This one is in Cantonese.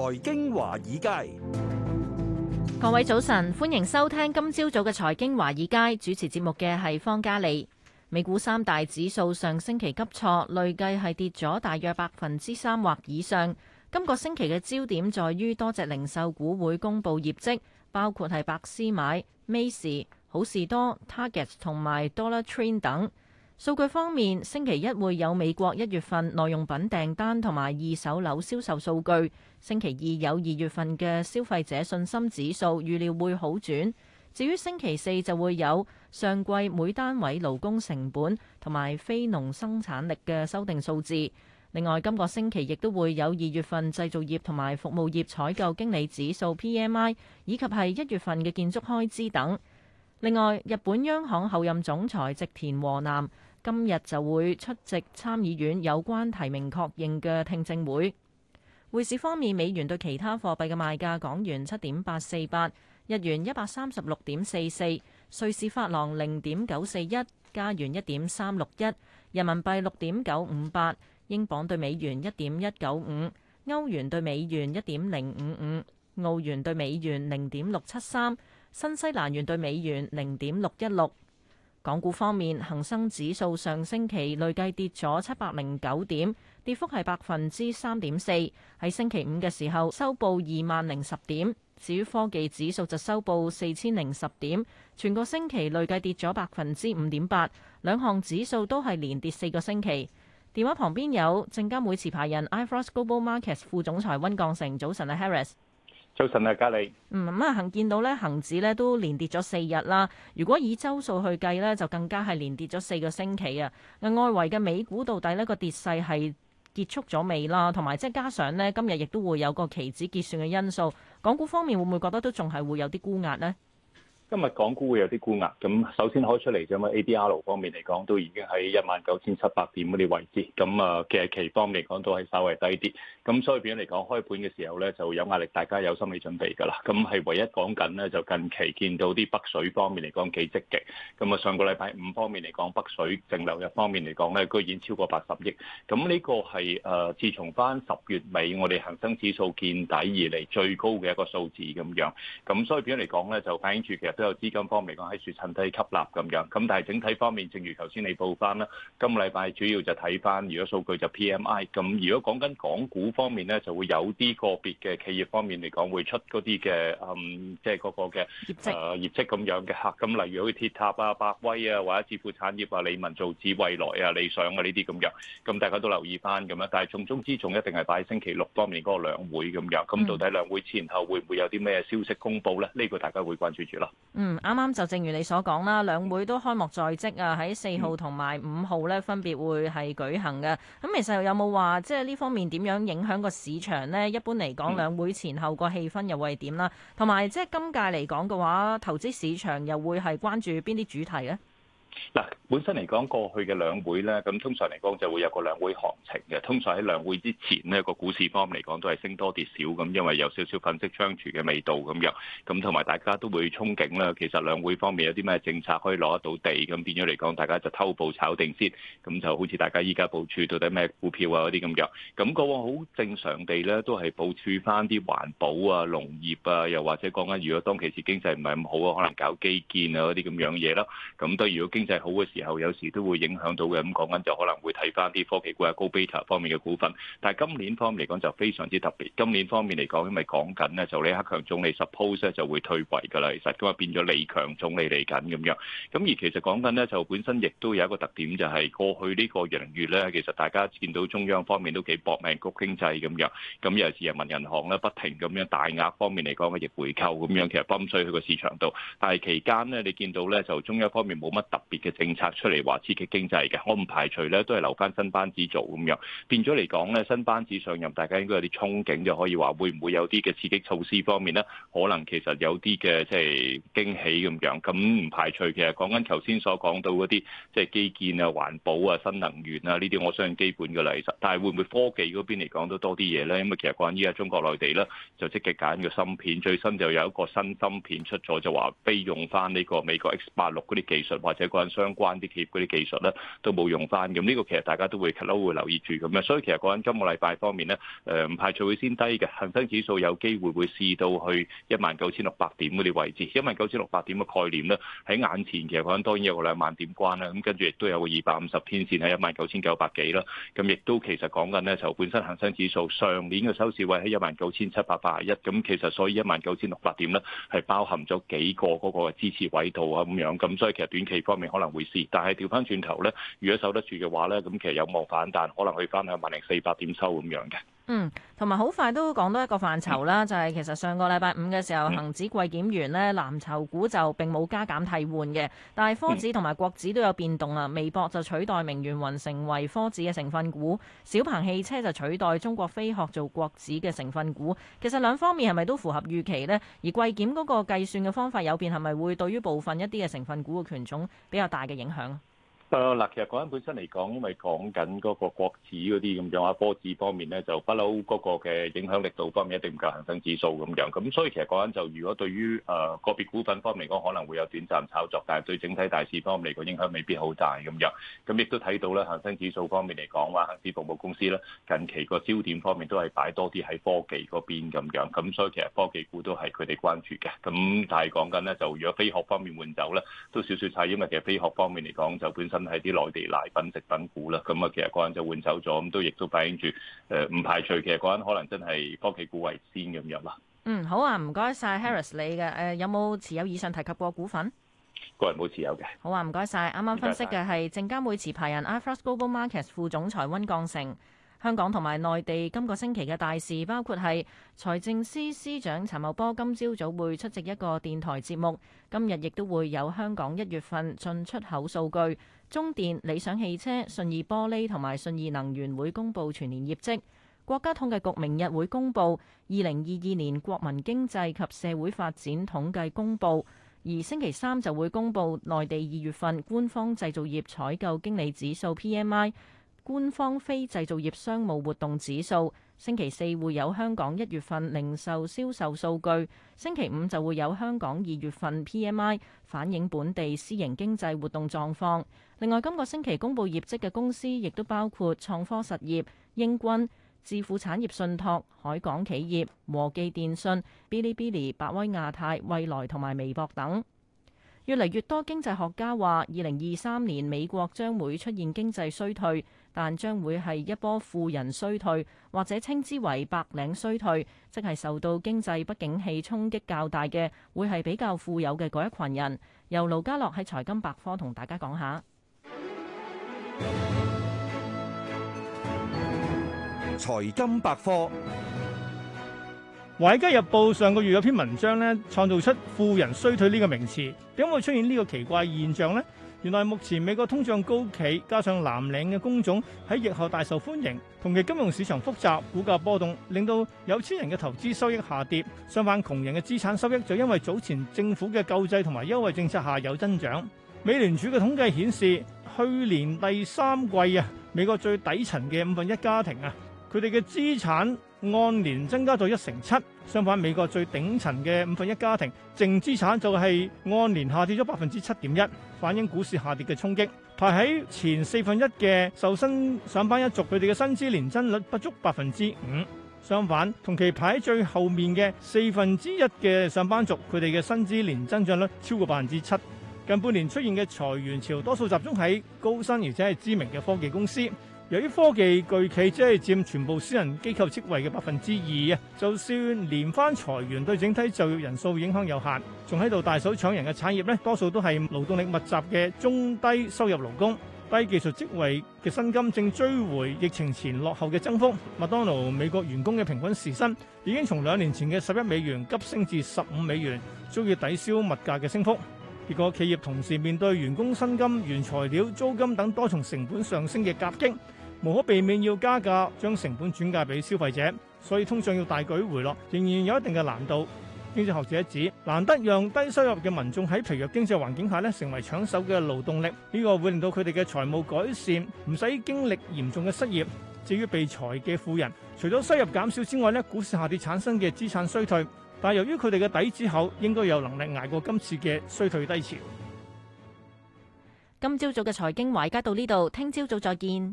財經華爾街，各位早晨，歡迎收聽今朝早嘅財經華爾街，主持節目嘅係方嘉莉。美股三大指數上星期急挫，累計係跌咗大約百分之三或以上。今個星期嘅焦點在於多隻零售股會公佈業績，包括係百思買、Macy's、好事多、Target 同埋 Dollar Train 等。數據方面，星期一會有美國一月份耐用品訂單同埋二手樓銷售數據；星期二有二月份嘅消費者信心指數，預料會好轉。至於星期四就會有上季每單位勞工成本同埋非農生產力嘅修訂數字。另外，今個星期亦都會有二月份製造業同埋服務業採購經理指數 （PMI），以及係一月份嘅建築開支等。另外，日本央行後任總裁植田和男，今日就會出席參議院有關提名確認嘅聽證會。匯市方面，美元對其他貨幣嘅賣價：港元七點八四八，日元一百三十六點四四，瑞士法郎零點九四一，加元一點三六一，人民幣六點九五八，英鎊對美元一點一九五，歐元對美元一點零五五，澳元對美元零點六七三，新西蘭元對美元零點六一六。港股方面，恒生指數上星期累計跌咗七百零九點，跌幅係百分之三點四。喺星期五嘅時候收報二萬零十點。至於科技指數就收報四千零十點，全個星期累計跌咗百分之五點八。兩項指數都係連跌四個星期。電話旁邊有證監會持牌人 i Frost Global Markets 副總裁溫鋼成，早晨啊，Harris。啊，隔嗯，咁啊，行見到咧，恒指咧都連跌咗四日啦。如果以周數去計咧，就更加係連跌咗四個星期啊。外圍嘅美股到底呢個跌勢係結束咗未啦？同埋即係加上呢今日亦都會有個期指結算嘅因素。港股方面會唔會覺得都仲係會有啲沽壓呢？今日港股會有啲沽壓，咁首先開出嚟啫嘛。ADR 方面嚟講，都已經喺一萬九千七百點嗰啲位置。咁啊嘅期方面嚟講都，都係稍為低啲。咁所以表，表嚟講開盤嘅時候咧，就有壓力，大家有心理準備㗎啦。咁係唯一講緊咧，就近期見到啲北水方面嚟講幾積極。咁啊，上個禮拜五方面嚟講，北水淨流入方面嚟講咧，居然超過八十億。咁呢個係誒，自從翻十月尾我哋恒生指數見底以嚟最高嘅一個數字咁樣。咁所以，表嚟講咧，就反映住其實。都有資金方面嚟講喺雪層底吸納咁樣，咁但係整體方面，正如頭先你報翻啦，今個禮拜主要就睇翻，如果數據就 PMI，咁如果講緊港股方面咧，就會有啲個別嘅企業方面嚟講會出嗰啲嘅，嗯，即係嗰個嘅業績職咁、呃、樣嘅㗎，咁例如好似鐵塔啊、百威啊，或者置富產業啊、理文造紙、蔚來啊、理想啊呢啲咁樣，咁大家都留意翻咁樣，但係重中之重一定係喺星期六方面嗰個兩會咁樣，咁到底兩會前後會唔會有啲咩消息公布咧？呢、嗯、個大家會關注住咯。嗯，啱啱就正如你所講啦，兩會都開幕在即啊，喺四號同埋五號咧分別會係舉行嘅。咁其實有冇話即係呢方面點樣影響個市場呢？一般嚟講，兩會前後個氣氛又會係點啦？同埋即係今屆嚟講嘅話，投資市場又會係關注邊啲主題呢？本身嚟講過去嘅兩會呢，咁通常嚟講就會有個兩會行情嘅。通常喺兩會之前呢，個股市方面嚟講都係升多跌少咁，因為有少少粉飾櫥窗嘅味道咁樣。咁同埋大家都會憧憬啦。其實兩會方面有啲咩政策可以攞得到地，咁變咗嚟講，大家就偷步炒定先。咁就好似大家依家部署到底咩股票啊嗰啲咁樣。咁個好正常地呢，都係部署翻啲環保啊、農業啊，又或者講緊如果當其時經濟唔係咁好啊，可能搞基建啊嗰啲咁樣嘢啦。咁都如果經經濟好嘅時候，有時都會影響到嘅。咁講緊就可能會睇翻啲科技股啊、高 beta 方面嘅股份。但係今年方面嚟講就非常之特別。今年方面嚟講，因為講緊呢就李克強總理 suppose 咧就會退位㗎啦。其實咁啊變咗李強總理嚟緊咁樣。咁而其實講緊呢，就本身亦都有一個特點，就是，就係過去呢個月呢，其實大家見到中央方面都幾搏命谷經濟咁樣。咁有時人民銀行呢不停咁樣大額方面嚟講嘅逆回購咁樣，其實泵水去個市場度。但係期間呢，你見到呢就中央方面冇乜特別。別嘅政策出嚟話刺激經濟嘅，我唔排除咧，都係留翻新班子做咁樣，變咗嚟講咧，新班子上任，大家應該有啲憧憬，就可以話會唔會有啲嘅刺激措施方面咧，可能其實有啲嘅即係驚喜咁樣。咁唔排除嘅，其實講緊頭先所講到嗰啲，即係基建啊、環保啊、新能源啊呢啲，我相信基本嘅嚟實。但係會唔會科技嗰邊嚟講都多啲嘢咧？因為其實關於喺中國內地咧，就積極揀個芯片，最新就有一個新芯片出咗，就話非用翻呢個美國 X 八六嗰啲技術或者、那個。相關啲企業嗰啲技術咧，都冇用翻咁，呢個其實大家都會都會留意住咁啊。所以其實講緊今個禮拜方面咧，誒唔排除會先低嘅，恆生指數有機會會試到去一萬九千六百點嗰啲位置。一萬九千六百點嘅概念咧，喺眼前其實講緊當然有個兩萬點關啦，咁跟住亦都有個二百五十天線喺一萬九千九百幾啦。咁亦都其實講緊咧，就本身恆生指數上年嘅收市位喺一萬九千七百八十一，咁其實所以一萬九千六百點咧，係包含咗幾個嗰個支持位度啊咁樣。咁所以其實短期方面，可能會試，但係調翻轉頭呢，如果守得住嘅話呢，咁其實有望反彈，可能去翻兩萬零四百點收咁樣嘅。嗯，同埋好快都講到一個範疇啦，就係、係、其實上個禮拜五嘅時候，恒指季檢完呢藍籌股就並冇加減替換嘅，但係科指同埋國指都有變動啊。微博就取代明源雲成為科指嘅成分股，小鵬汽車就取代中國飛鶴做國指嘅成分股。其實兩方面係咪都符合預期呢？而季檢嗰個計算嘅方法有變，係咪會對於部分一啲嘅成分股嘅權重比較大嘅影響啊？誒嗱，其實講緊本身嚟講，因為講緊嗰個國指嗰啲咁樣啊，波指方面咧就不嬲嗰個嘅影響力度方面一定唔夠恒生指數咁樣，咁所以其實講緊就如果對於誒個別股份方面嚟講，可能會有短暫炒作，但係對整體大市方面嚟講影響未必好大咁樣。咁亦都睇到咧恒生指數方面嚟講話，恒指服務公司咧近期個焦點方面都係擺多啲喺科技嗰邊咁樣，咁所以其實科技股都係佢哋關注嘅。咁但係講緊咧就如果飛學方面換走咧，都少少差，因為其實飛學方面嚟講就本身。係啲內地奶粉食品股啦，咁啊，其實個人就換走咗，咁都亦都反映住，誒唔排除其實個人可能真係科企股為先咁樣啦。嗯，好啊，唔該晒 Harris 你嘅誒有冇持有以上提及過股份？個人冇持有嘅。好啊，唔該晒，啱啱分析嘅係證監會持牌人 iFAST Global Markets 副總裁温鋼城。香港同埋內地今個星期嘅大事包括係財政司司長陳茂波今朝早會出席一個電台節目，今日亦都會有香港一月份進出口數據，中電、理想汽車、信義玻璃同埋信義能源會公布全年業績，國家統計局明日會公布二零二二年國民經濟及社會發展統計公佈，而星期三就會公布內地二月份官方製造業採購經理指數 PMI。官方非製造業商務活動指數，星期四會有香港一月份零售銷售數據。星期五就會有香港二月份 PMI，反映本地私營經濟活動狀況。另外，今個星期公佈業績嘅公司亦都包括創科實業、英軍、置富產業信託、海港企業、和記電訊、Bilibili、百威亞太、蔚來同埋微博等。越嚟越多經濟學家話，二零二三年美國將會出現經濟衰退。但將會係一波富人衰退，或者稱之為白領衰退，即係受到經濟不景氣衝擊較大嘅，會係比較富有嘅嗰一群人。由盧家樂喺財金百科同大家講下。財金百科，《華爾街日報》上個月有篇文章咧，創造出富人衰退呢個名詞，點會出現呢個奇怪現象呢？原來目前美國通脹高企，加上藍領嘅工種喺疫後大受歡迎，同期金融市場複雜，股價波動令到有錢人嘅投資收益下跌，相反窮人嘅資產收益就因為早前政府嘅救濟同埋優惠政策下有增長。美聯儲嘅統計顯示，去年第三季啊，美國最底層嘅五分一家庭啊。佢哋嘅資產按年增加到一成七，相反美國最頂層嘅五分一家庭淨資產就係按年下跌咗百分之七點一，反映股市下跌嘅衝擊。排喺前四分一嘅受薪上班一族，佢哋嘅薪資年增率不足百分之五。相反，同期排喺最後面嘅四分之一嘅上班族，佢哋嘅薪資年增長率超過百分之七。近半年出現嘅裁員潮，多數集中喺高薪而且係知名嘅科技公司。由於科技巨企即係佔全部私人機構職位嘅百分之二啊，就算連番裁員對整體就業人數影響有限，仲喺度大手搶人嘅產業咧，多數都係勞動力密集嘅中低收入勞工、低技術職位嘅薪金正追回疫情前落後嘅增幅。麥當勞美國員工嘅平均時薪已經從兩年前嘅十一美元急升至十五美元，足以抵消物價嘅升幅。結果，企業同時面對員工薪金、原材料、租金等多重成本上升嘅夾擊。無可避免要加價，將成本轉嫁俾消費者，所以通脹要大舉回落仍然有一定嘅難度。經濟學者指，難得讓低收入嘅民眾喺疲弱經濟環境下咧成為搶手嘅勞動力，呢、這個會令到佢哋嘅財務改善，唔使經歷嚴重嘅失業。至於被裁嘅富人，除咗收入減少之外咧，股市下跌產生嘅資產衰退，但由於佢哋嘅底子厚，應該有能力捱過今次嘅衰退低潮。今朝早嘅財經華爾街到呢度，聽朝早再見。